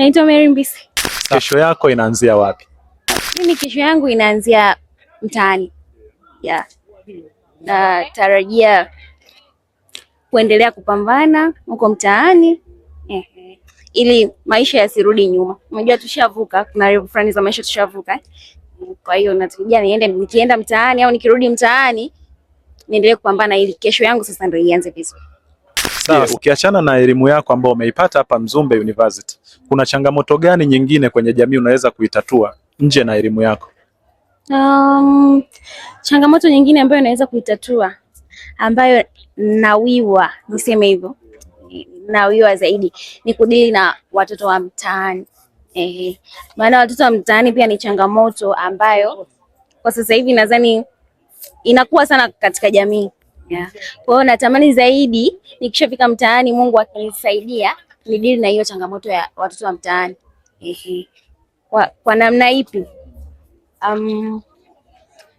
Naitwa Mary Mbisi. Kesho yako inaanzia wapi? Mimi kesho yangu inaanzia mtaani. Yeah. Natarajia kuendelea kupambana huko mtaani eh, ili maisha yasirudi nyuma. Unajua tushavuka, kuna revu fulani za maisha tushavuka. Kwa hiyo natarajia niende, nikienda mtaani au nikirudi mtaani niendelee kupambana ili kesho yangu sasa ndio ianze vizuri. Sawa, yes. Ukiachana na elimu yako ambayo umeipata hapa Mzumbe University, kuna changamoto gani nyingine kwenye jamii unaweza kuitatua nje na elimu yako? Um, changamoto nyingine ambayo naweza kuitatua ambayo nawiwa niseme hivyo nawiwa zaidi ni kudili na watoto wa mtaani eh, maana watoto wa mtaani pia ni changamoto ambayo kwa sasa hivi nadhani inakuwa sana katika jamii yeah. Kwa hiyo natamani zaidi nikishafika mtaani, Mungu akinisaidia ni dili na hiyo changamoto ya watoto wa mtaani. Ehe, kwa, kwa namna ipi? Um,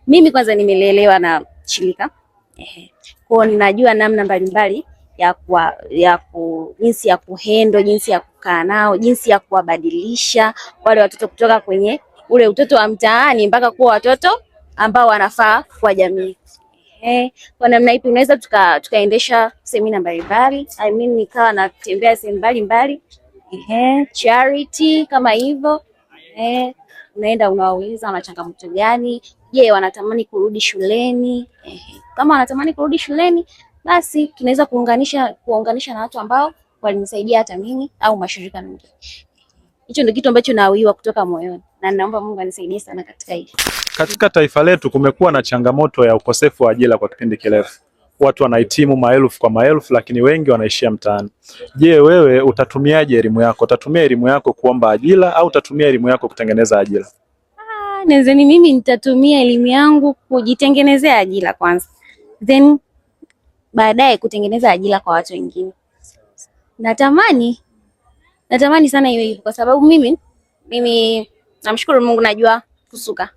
mimi kwanza nimelelewa na shirika ehe, kwao ninajua namna mbalimbali ya kwa, ya ku, jinsi ya kuhendo, jinsi ya kukaa nao, jinsi ya kuwabadilisha wale watoto kutoka kwenye ule utoto wa mtaani mpaka kuwa watoto ambao wanafaa kwa jamii eh, kwa namna ipi unaweza tukaendesha tuka semina mbalimbali, I mean nikawa natembea sehemu mbalimbali eh, charity kama hivyo eh, unaenda unawauliza wana changamoto gani, je, wanatamani kurudi shuleni eh, kama wanatamani kurudi shuleni basi tunaweza kuunganisha kuunganisha na watu ambao walinisaidia hata mimi au mashirika mengine. Hicho ndio kitu ambacho naawiwa kutoka moyoni, na ninaomba Mungu anisaidie sana katika hili. Katika taifa letu kumekuwa na changamoto ya ukosefu wa ajira kwa kipindi kirefu. Watu wanahitimu maelfu kwa maelfu, lakini wengi wanaishia mtaani. Je, wewe utatumiaje elimu yako? Utatumia elimu yako kuomba ajira au utatumia elimu yako kutengeneza ajira? Ah, nadhani mimi nitatumia elimu yangu kujitengenezea ajira kwanza, then baadaye kutengeneza ajira kwa watu wengine. Natamani, natamani sana iwe hivyo, kwa sababu mimi mimi namshukuru Mungu, najua kusuka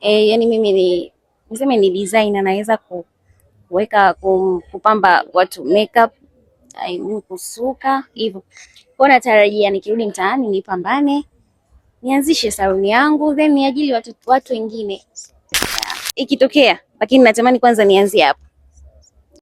e, yani mimi ni niseme ni designer, naweza kuweka kupamba watu makeup, kusuka hivyo. Kwa natarajia nikirudi mtaani nipambane, nianzishe saluni yangu then niajili watu watu wengine ikitokea, lakini natamani kwanza nianzie hapo.